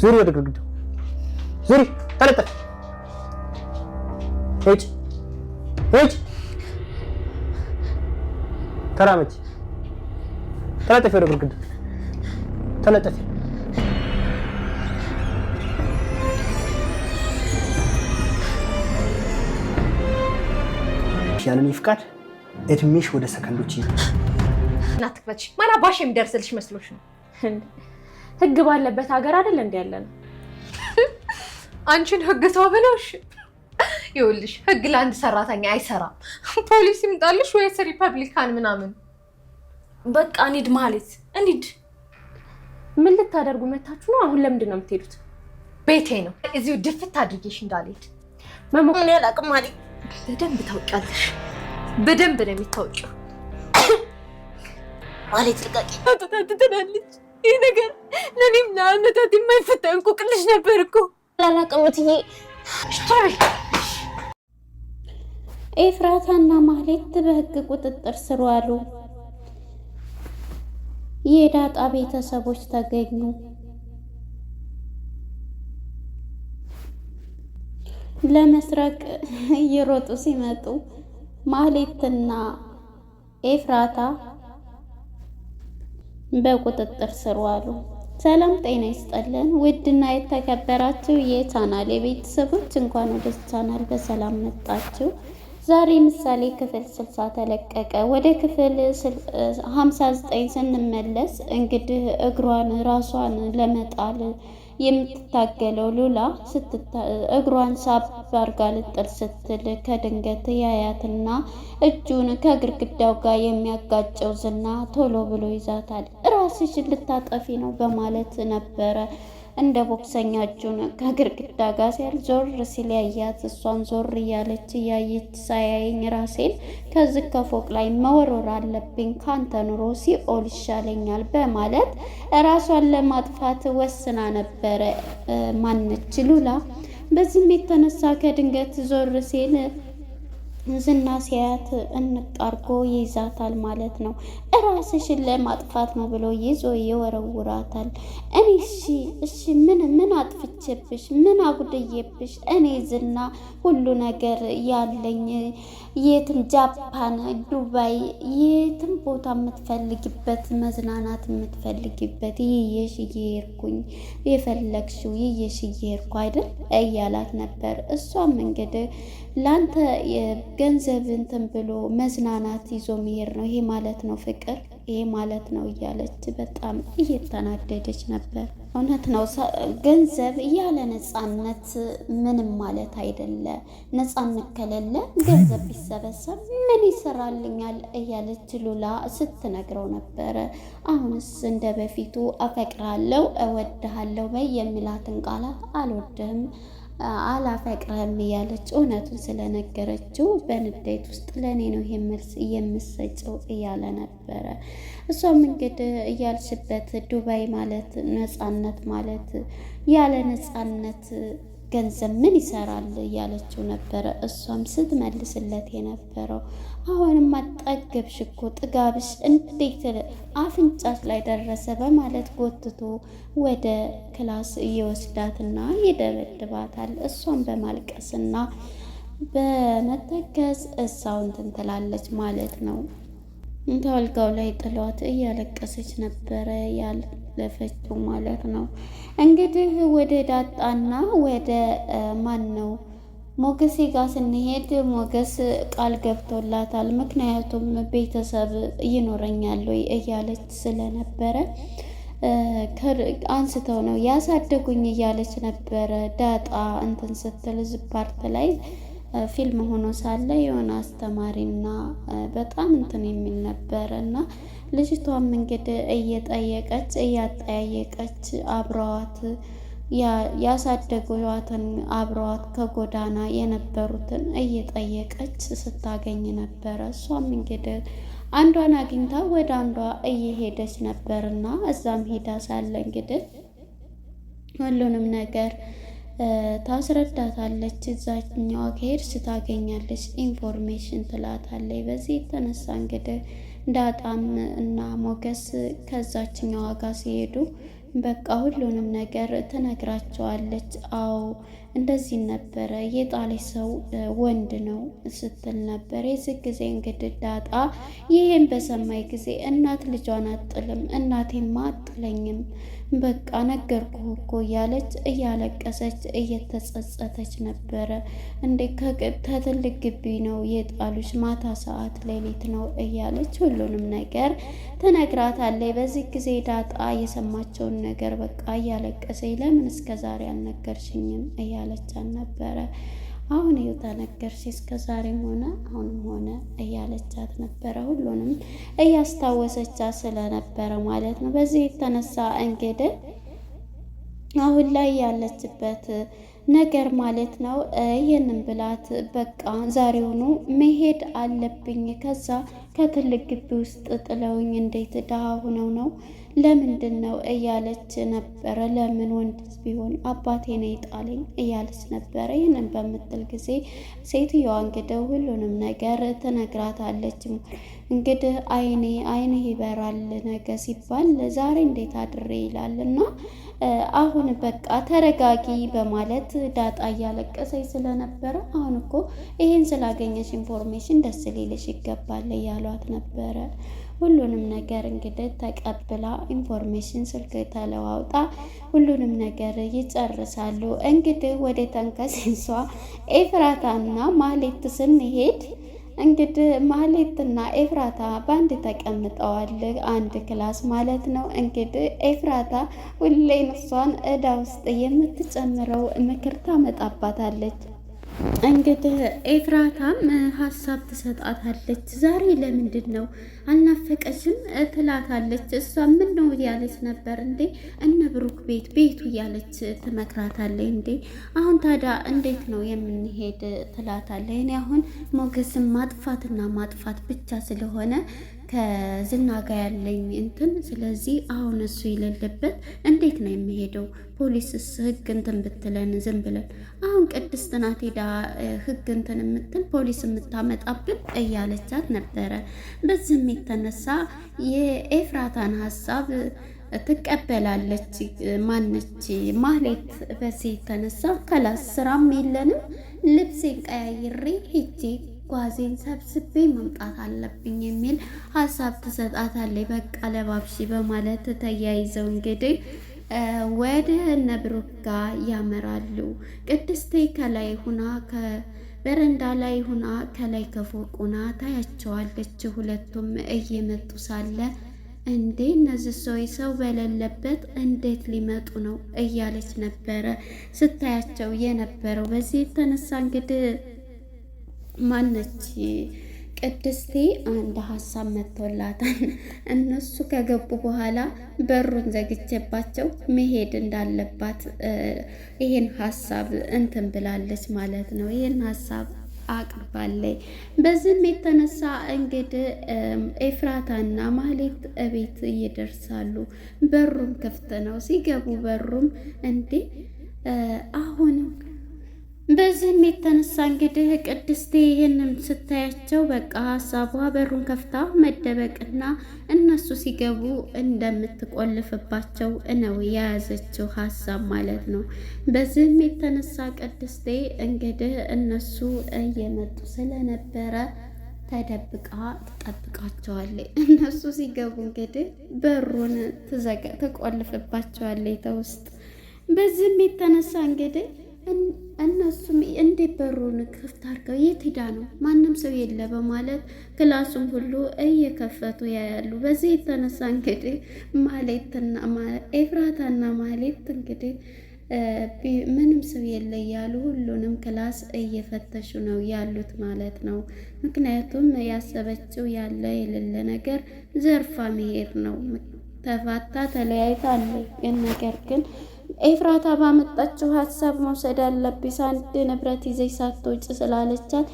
ዙሪ፣ ወደ ግድግዳው ዙሪ፣ ተለጠፍ፣ ሂጅ፣ ሂጅ፣ ተራመጅ፣ ተለጠፊ፣ ወደ ግድግዳው ተለጠፊ። ያንን ይፍቃድ እድሜሽ ወደ ሰከንዶች ይሄ እና ትክፈች ማን አባሽ የሚደርስልሽ መስሎሽ ነው? ህግ ባለበት ሀገር አይደል እንዲ ያለ ነው። አንቺን ህግ ሰው ብለውሽ ይኸውልሽ፣ ህግ ለአንድ ሰራተኛ አይሰራም። ፖሊስ ይምጣልሽ ወይስ ሪፐብሊካን ምናምን። በቃ እንሂድ ማለት እንሂድ። ምን ልታደርጉ መታችሁ ነው? አሁን ለምንድን ነው የምትሄዱት? ቤቴ ነው። እዚሁ ድፍት አድርጌሽ እንዳልሄድ መሞቅን ያላቅማ በደንብ ታውቂያለሽ። በደንብ ነው የሚታወቂው ማለት ልቃቂ ትትናለች ይህ ነገር ለእኔም ለአመታት የማይፈታ እንቆቅልሽ ነበር እኮ ላላቀምትዬ ኤፍራታና ማህሌት በህግ ቁጥጥር ስር ዋሉ። የዳጣ ቤተሰቦች ተገኙ። ለመስረቅ እየሮጡ ሲመጡ ማህሌትና ኤፍራታ በቁጥጥር ስር ዋሉ። ሰላም ጤና ይስጠልን። ውድና የተከበራችሁ የቻናል የቤተሰቦች እንኳን ወደ ቻናል በሰላም መጣችሁ። ዛሬ ምሳሌ ክፍል 60 ተለቀቀ። ወደ ክፍል 59 ስንመለስ እንግዲህ እግሯን ራሷን ለመጣል የምትታገለው ሉላ እግሯን ሳብ አድርጋ ልጥል ስትል ከድንገት ያያትና እጁን ከግርግዳው ጋር የሚያጋጨው ዝና ቶሎ ብሎ ይዛታል። ራስሽን ልታጠፊ ነው በማለት ነበረ እንደ ቦክሰኛ እጁን ከግርግዳ ጋር ሲያል ዞር ሲል ያያት እሷን ዞር እያለች እያየች ሳያየኝ ራሴን ከዚህ ከፎቅ ላይ መወርወር አለብኝ ካንተ ኑሮ ሲኦል ይሻለኛል በማለት ራሷን ለማጥፋት ወስና ነበረ። ማነች ሉላ። በዚህም የተነሳ ከድንገት ዞር ሲል ዝና ሲያያት እንጣርጎ ይይዛታል ማለት ነው። እራስሽን ለማጥፋት ነው ብሎ ይዞ ይወረውራታል። እኔ እሺ እሺ ምን ምን አጥፍቼብሽ ምን አጉድዬብሽ? እኔ ዝና ሁሉ ነገር ያለኝ የትም ጃፓን፣ ዱባይ፣ የትም ቦታ የምትፈልግበት መዝናናት የምትፈልግበት ይየሽ እየሄድኩኝ የፈለግሽው ይየሽ እየሄድኩ አይደል እያላት ነበር። እሷም እንግዲህ ለአንተ ገንዘብ እንትን ብሎ መዝናናት ይዞ መሄድ ነው ይሄ ማለት ነው ፍቅር ይሄ ማለት ነው እያለች በጣም እየተናደደች ነበር። እውነት ነው ገንዘብ ያለ ነፃነት ምንም ማለት አይደለ። ነፃነት ከሌለ ገንዘብ ቢሰበሰብ ምን ይሰራልኛል እያለች ሉላ ስትነግረው ነበረ አሁንስ እንደ በፊቱ አፈቅራለሁ፣ እወድሃለሁ በይ የሚላትን ቃላት አልወድህም አላፈቅረም እያለች እውነቱን ስለነገረችው በንዴት ውስጥ ለእኔ ነው ይሄ መልስ የምሰጨው እያለ ነበረ። እሷም እንግዲህ እያልሽበት ዱባይ ማለት ነጻነት ማለት ያለ ነጻነት ገንዘብ ምን ይሰራል እያለችው ነበረ። እሷም ስትመልስለት የነበረው አሁንም አጠገብሽ እኮ ጥጋብሽ እንዴት አፍንጫሽ ላይ ደረሰ በማለት ጎትቶ ወደ ክላስ እየወስዳትና ይደበድባታል። እሷም በማልቀስና በመተከዝ እሳውን ትንትላለች ማለት ነው። ታልጋው ላይ ጥሏት እያለቀሰች ነበረ ያለፈችው ማለት ነው። እንግዲህ ወደ ዳጣና ወደ ማን ነው ሞገሴ ጋር ስንሄድ ሞገስ ቃል ገብቶላታል። ምክንያቱም ቤተሰብ ይኖረኛል ወይ እያለች ስለነበረ አንስተው ነው ያሳደጉኝ እያለች ነበረ ዳጣ እንትን ስትል ዝፓርት ላይ ፊልም ሆኖ ሳለ የሆነ አስተማሪና በጣም እንትን የሚል ነበረ እና ልጅቷም እንግዲህ እየጠየቀች እያጠያየቀች አብረዋት ያሳደጓትን አብረዋት ከጎዳና የነበሩትን እየጠየቀች ስታገኝ ነበረ። እሷም እንግዲህ አንዷን አግኝታ ወደ አንዷ እየሄደች ነበርና እዛም ሄዳ ሳለ እንግዲህ ሁሉንም ነገር ታስረዳታለች። እዛኛዋ ከሄድ ስታገኛለች ኢንፎርሜሽን ትላታለች። በዚህ የተነሳ እንግዲህ ዳጣም እና ሞገስ ከዛችኛዋ ጋር ሲሄዱ በቃ ሁሉንም ነገር ትነግራቸዋለች። አዎ እንደዚህ ነበረ የጣሌ ሰው ወንድ ነው ስትል ነበር። የዚህ ጊዜ እንግዲህ ዳጣ ይህን በሰማይ ጊዜ እናት ልጇን አጥልም፣ እናቴማ አጥለኝም፣ በቃ ነገር እኮ እያለች እያለቀሰች እየተጸጸተች ነበረ። እንዴ ከትልቅ ግቢ ነው የጣሉች፣ ማታ ሰዓት ሌሊት ነው እያለች ሁሉንም ነገር ትነግራታለች። በዚህ ጊዜ ዳጣ የሰማቸውን ነገር በቃ እያለቀሰ ለምን እስከዛሬ አልነገርሽኝም እያ እያለቻን ነበረ። አሁን ይውጣ ነገርሽ እስከ ዛሬም ሆነ አሁንም ሆነ እያለቻት ነበረ። ሁሉንም እያስታወሰቻት ስለነበረ ማለት ነው። በዚህ የተነሳ እንግዲህ አሁን ላይ ያለችበት ነገር ማለት ነው። ይህንን ብላት በቃ ዛሬውኑ መሄድ አለብኝ። ከዛ ከትልቅ ግቢ ውስጥ ጥለውኝ እንዴት ድሃ ሆነው ነው ለምንድን ነው እያለች ነበረ። ለምን ወንድ ቢሆን አባቴ ነው የጣለኝ እያለች ነበረ። ይህንን በምትል ጊዜ ሴትዮዋ እንግዲህ ሁሉንም ነገር ትነግራታለች። እንግዲህ አይኔ አይንህ ይበራል ነገ ሲባል ዛሬ እንዴት አድሬ ይላል እና አሁን በቃ ተረጋጊ በማለት ዳጣ እያለቀሰች ስለነበረ አሁን እኮ ይህን ስላገኘች ኢንፎርሜሽን ደስ ሊልሽ ይገባል እያሏት ነበረ። ሁሉንም ነገር እንግዲህ ተቀብላ ኢንፎርሜሽን ስልክ ተለዋውጣ ሁሉንም ነገር ይጨርሳሉ። እንግዲህ ወደ ተንከሲሷ ኤፍራታና ማህሌት ስንሄድ እንግዲህ ማህሌትና ኤፍራታ በአንድ ተቀምጠዋል፣ አንድ ክላስ ማለት ነው። እንግዲህ ኤፍራታ ሁሌ እሷን እዳ ውስጥ የምትጨምረው ምክር ታመጣባታለች። እንግዲህ ኤፍራታም ሀሳብ ትሰጣታለች። ዛሬ ለምንድን ነው አልናፈቀሽም? ትላታለች። እሷ ምን ነው ያለች ነበር እንዴ እነ ብሩክ ቤት ቤቱ እያለች ትመክራታለች። እንዴ አሁን ታዲያ እንዴት ነው የምንሄድ? ትላታለች። እኔ አሁን ሞገስን ማጥፋትና ማጥፋት ብቻ ስለሆነ ከዝና ጋር ያለኝ እንትን ስለዚህ አሁን እሱ የሌለበት እንዴት ነው የሚሄደው? ፖሊስስ ህግ እንትን ብትለን ዝም ብለን አሁን ቅድስት ናት ሄዳ ህግ እንትን የምትል ፖሊስ የምታመጣብን እያለቻት ነበረ። በዚህም የተነሳ የኤፍራታን ሀሳብ ትቀበላለች። ማነች ማሌት በዚህ የተነሳ ከላስ ስራም የለንም ልብሴን ቀያይሬ ሄጄ ጓዜን ሰብስቤ መምጣት አለብኝ የሚል ሀሳብ ትሰጣታለች። በቃ ለባብሺ በማለት ተያይዘው እንግዲህ ወደ እነ ጋር ያመራሉ። ቅድስቴ ከላይ ሁና በረንዳ ላይ ሁና ከላይ ከፎቅ ሁና ታያቸዋለች። ሁለቱም እየመጡ ሳለ እንዴ እነዚህ ሰዎች ሰው በሌለበት እንዴት ሊመጡ ነው እያለች ነበረ ስታያቸው የነበረው። በዚህ የተነሳ እንግዲህ ማነች ቅድስቴ አንድ ሀሳብ መጥቶላታል። እነሱ ከገቡ በኋላ በሩን ዘግቼባቸው መሄድ እንዳለባት ይሄን ሀሳብ እንትን ብላለች ማለት ነው። ይሄን ሀሳብ አቅርባለይ። በዚህም የተነሳ እንግዲህ ኤፍራታና ማህሌት እቤት ይደርሳሉ። በሩም ክፍት ነው። ሲገቡ በሩም እንዴ አሁንም በዚህም የተነሳ እንግዲህ ቅድስቴ ይህንም ስታያቸው በቃ ሀሳቧ በሩን ከፍታ መደበቅና እነሱ ሲገቡ እንደምትቆልፍባቸው ነው የያዘችው ሀሳብ ማለት ነው። በዚህም የተነሳ ቅድስቴ እንግዲህ እነሱ እየመጡ ስለነበረ ተደብቃ ትጠብቃቸዋለች። እነሱ ሲገቡ እንግዲህ በሩን ትቆልፍባቸዋለች ተውስጥ። በዚህም የተነሳ እንግዲህ እነሱም እንዴት በሩን ክፍት አድርገው የት ሄዳ ነው ማንም ሰው የለ በማለት ክላሱም ሁሉ እየከፈቱ ያያሉ። በዚህ የተነሳ እንግዲህ ማሌትና ኤፍራታና ማሌት እንግዲህ ምንም ሰው የለ እያሉ ሁሉንም ክላስ እየፈተሹ ነው ያሉት ማለት ነው። ምክንያቱም ያሰበችው ያለ የሌለ ነገር ዘርፋ መሄድ ነው። ተፋታ ተለያይታለች። ነገር ግን ኤፍራታ ባመጣችው ሀሳብ መውሰድ አለብሽ። አንድ ንብረት ይዘሽ ሳትወጪ ስላለቻት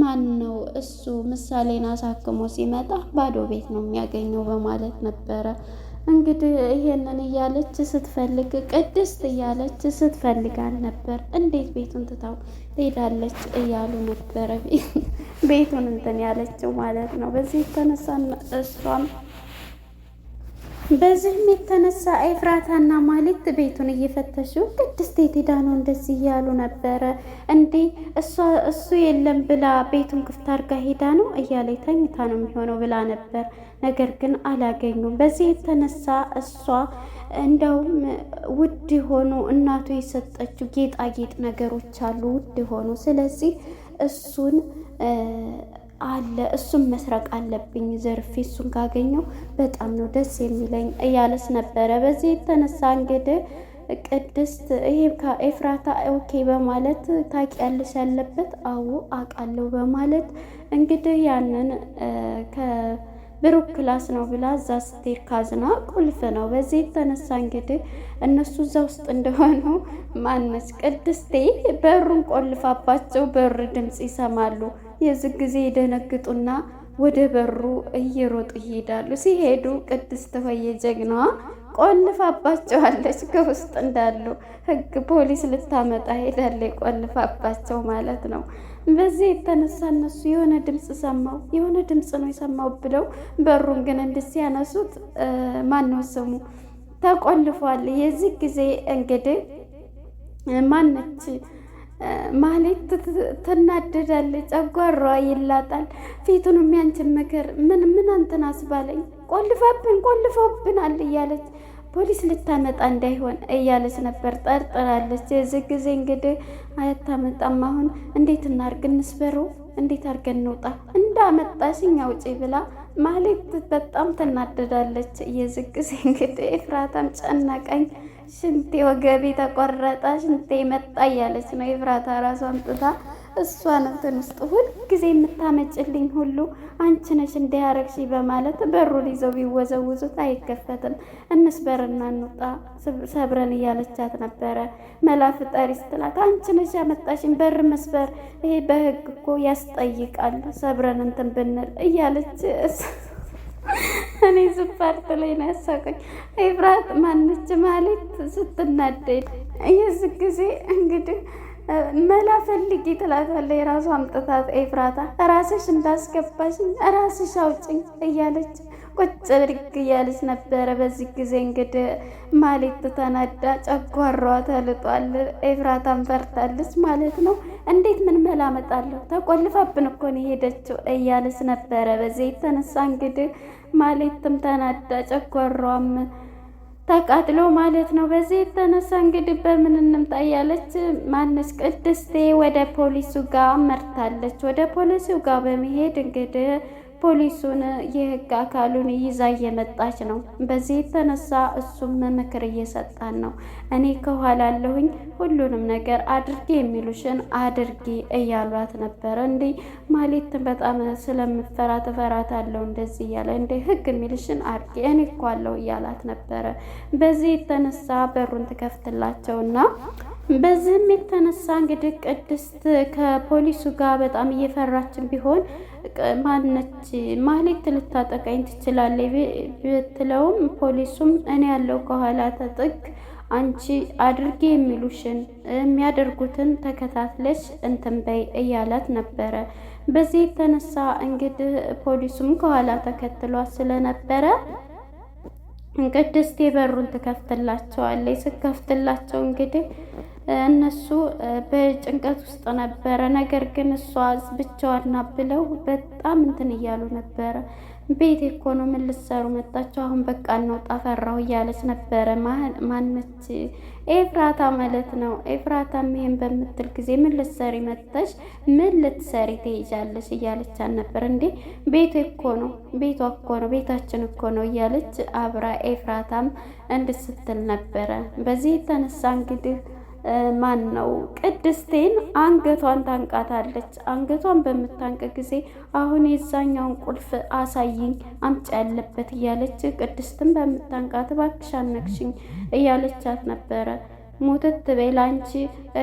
ማን ነው እሱ ምሳሌን አሳክሞ ሲመጣ ባዶ ቤት ነው የሚያገኘው በማለት ነበረ እንግዲህ ይሄንን እያለች ስትፈልግ ቅድስት እያለች ስትፈልጋል ነበር። እንዴት ቤቱን ትታው ትሄዳለች እያሉ ነበረ ቤቱን እንትን ያለችው ማለት ነው። በዚህ የተነሳ እሷም በዚህም የተነሳ ኤፍራታና ማሌት ቤቱን እየፈተሹ ቅድስት የት ሄዳ ነው እንደዚህ እያሉ ነበረ። እንዴ እሱ የለም ብላ ቤቱን ክፍት አድርጋ ሄዳ ነው እያለ ተኝታ ነው የሚሆነው ብላ ነበር። ነገር ግን አላገኙም። በዚህ የተነሳ እሷ እንደውም ውድ የሆኑ እናቱ የሰጠችው ጌጣጌጥ ነገሮች አሉ ውድ የሆኑ ስለዚህ እሱን አለ እሱም መስረቅ አለብኝ ዘርፌ እሱን ካገኘው በጣም ነው ደስ የሚለኝ እያለስ ነበረ። በዚህ የተነሳ እንግዲህ ቅድስት ይሄ ከኤፍራታ ኦኬ በማለት ታውቂያለሽ ያለበት አዎ አውቃለሁ በማለት እንግዲህ ያንን ከብሩክ ክላስ ነው ብላ እዛ ስትሄድ ካዝና ቁልፍ ነው። በዚህ የተነሳ እንግዲህ እነሱ እዛ ውስጥ እንደሆኑ ማነች ቅድስቴ በሩን ቆልፋባቸው በር ድምፅ ይሰማሉ። የዚህ ጊዜ ይደነግጡና ወደ በሩ እየሮጡ ይሄዳሉ። ሲሄዱ ቅድስት ሆዬ ጀግናዋ ቆልፋባቸዋለች። ከውስጥ እንዳሉ ህግ ፖሊስ ልታመጣ ሄዳለ ቆልፋባቸው ማለት ነው። በዚህ የተነሳ እነሱ የሆነ ድምፅ ሰማው የሆነ ድምፅ ነው የሰማው ብለው በሩን ግን እንዲህ ሲያነሱት ማነው ስሙ ተቆልፏል። የዚህ ጊዜ እንግዲህ ማነች ማህሌት ትናደዳለች፣ ጨጓሯ ይላጣል። ፊቱንም የሚያንች ምክር ምን ምን አንተን አስባለኝ ቆልፋብን ቆልፎብናል እያለች ፖሊስ ልታመጣ እንዳይሆን እያለች ነበር ጠርጥራለች። የዚህ ጊዜ እንግዲህ አያታመጣም። አሁን እንዴት እናርግ እንስበሩ እንዴት አርገን እንውጣ እንዳመጣሽኝ አውጪ ብላ ማህሌት በጣም ትናደዳለች። የዚህ ጊዜ እንግዲህ ኤፍራታም ጨነቀኝ ሽንቴ ወገቤ ተቆረጠ፣ ሽንቴ መጣ እያለች ነው የፍራታ ራሷ አምጥታ እሷ ነትን ውስጥ ሁልጊዜ የምታመጭልኝ ሁሉ አንቺ ነሽ እንዲያረግሽ በማለት በሩን ይዘው ቢወዘውዙት አይከፈትም። እንስበርና እንውጣ ሰብረን እያለቻት ነበረ። መላፍ ፍጠሪ ስትላት አንቺ ነሽ ያመጣሽን በር መስበር፣ ይሄ በህግ እኮ ያስጠይቃል፣ ሰብረን እንትን ብንል እያለች እኔ ዝፓርት ላይ ነው ያሳቀኝ። ኤፍራት ማነች ማለት ስትናደድ የዚህ ጊዜ እንግዲህ መላ ፈልጊ ትላታለች። የራሱ አምጥታት ኤፍራታ ራስሽ እንዳስገባሽኝ ራስሽ አውጭኝ እያለች ቁጭ ብድግ እያለች ነበረ። በዚህ ጊዜ እንግዲህ ማሌት ተናዳ ጨጓሯ ተልጧል። ኤፍራታን ፈርታለች ማለት ነው። እንዴት ምን መላ መጣለሁ ተቆልፋብን እኮን ነው የሄደችው እያለች ነበረ። በዚህ የተነሳ እንግዲህ ማሌትም ተናዳ ጨጓሯም ተቃጥሎ ማለት ነው። በዚህ የተነሳ እንግዲህ በምን እንምጣ እያለች ማነች ቅድስቴ ወደ ፖሊሱ ጋር መርታለች። ወደ ፖሊሱ ጋር በመሄድ እንግዲህ ፖሊሱን የህግ አካሉን ይዛ እየመጣች ነው። በዚህ የተነሳ እሱም ምክር እየሰጣን ነው። እኔ ከኋላ አለሁኝ፣ ሁሉንም ነገር አድርጌ የሚሉሽን አድርጊ እያሏት ነበረ። እንዴ ማሌት በጣም ስለምፈራ ትፈራት አለው እንደዚህ እያለ እንደ ህግ የሚልሽን አድርጊ እኔ እኮ አለሁ እያላት ነበረ። በዚህ የተነሳ በሩን ትከፍትላቸውና በዚህም የተነሳ እንግዲህ ቅድስት ከፖሊሱ ጋር በጣም እየፈራችን ቢሆን ማነች ማህሌት ልታጠቃኝ ትችላለች ብትለውም ፖሊሱም እኔ ያለው ከኋላ ተጥግ አንቺ አድርጌ የሚሉሽን የሚያደርጉትን ተከታትለሽ እንትን በይ እያላት ነበረ። በዚህ የተነሳ እንግዲህ ፖሊሱም ከኋላ ተከትሏት ስለነበረ ቅድስት የበሩን ትከፍትላቸዋለች። ስከፍትላቸው እንግዲህ እነሱ በጭንቀት ውስጥ ነበረ። ነገር ግን እሷ ብቻዋን ብለው በጣም እንትን እያሉ ነበረ። ቤት እኮ ነው ምን ልትሰሩ መጣችሁ? አሁን በቃ እንውጣ ፈራሁ እያለች ነበረ። ማነች ኤፍራታ ማለት ነው። ኤፍራታ ይሄን በምትል ጊዜ ምን ልትሰሪ መጣሽ? ምን ልትሰሪ ትሄጃለሽ? እያለች አልነበር እንዴ? ቤቱ እኮ ነው፣ ቤቷ እኮ ነው፣ ቤታችን እኮ ነው እያለች አብራ ኤፍራታም እንድስትል ነበረ። በዚህ የተነሳ እንግዲህ ማን ነው ቅድስቴን አንገቷን ታንቃታለች። አንገቷን በምታንቅ ጊዜ አሁን የዛኛውን ቁልፍ አሳይኝ አምጪ ያለበት እያለች ቅድስትን በምታንቃት እባክሽ እያለቻት ነበረ። ሙትት በል አንቺ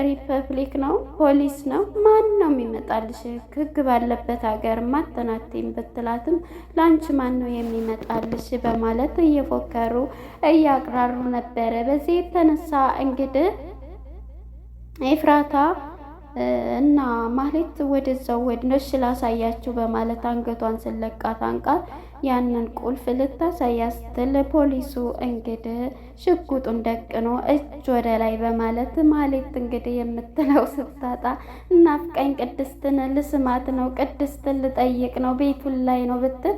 ሪፐብሊክ ነው ፖሊስ ነው ማን ነው የሚመጣልሽ? ህግ ባለበት ሀገር ማተናቴን ብትላትም ለአንቺ ማን ነው የሚመጣልሽ በማለት እየፎከሩ እያቅራሩ ነበረ። በዚህ የተነሳ እንግዲህ ኤፍራታ እና ማህሌት ወደዛው ወድነሽ ስላሳያችሁ በማለት አንገቷን ስለቃት አንቃት ያንን ቁልፍ ልታሳያ ስትል ፖሊሱ እንግዲህ ሽጉጡን ደቅኖ እጅ ወደ ላይ በማለት ማህሌት እንግዲህ የምትለው ስታጣ እናፍቀኝ ቅድስትን ልስማት ነው፣ ቅድስትን ልጠይቅ ነው፣ ቤቱን ላይ ነው ብትል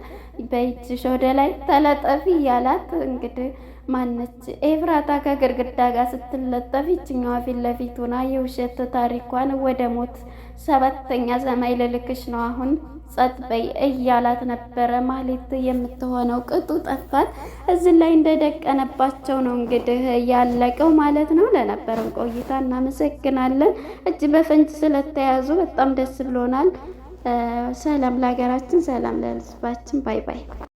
በእጅሽ ወደ ላይ ተለጠፊ እያላት እንግዲህ ማነች ኤፍራታ ከግርግዳ ጋር ስትለጠፍ ይችኛዋ ፊት ለፊት ሆና የውሸት ታሪኳን ወደ ሞት ሰባተኛ ሰማይ ልልክሽ ነው አሁን ጸጥ በይ እያላት ነበረ። ማለት የምትሆነው ቅጡ ጠፋት። እዚህ ላይ እንደደቀነባቸው ነው እንግዲህ ያለቀው ማለት ነው። ለነበረን ቆይታ እናመሰግናለን። እጅ በፈንጅ ስለተያዙ በጣም ደስ ብሎናል። ሰላም ለሀገራችን፣ ሰላም ለሕዝባችን። ባይ ባይ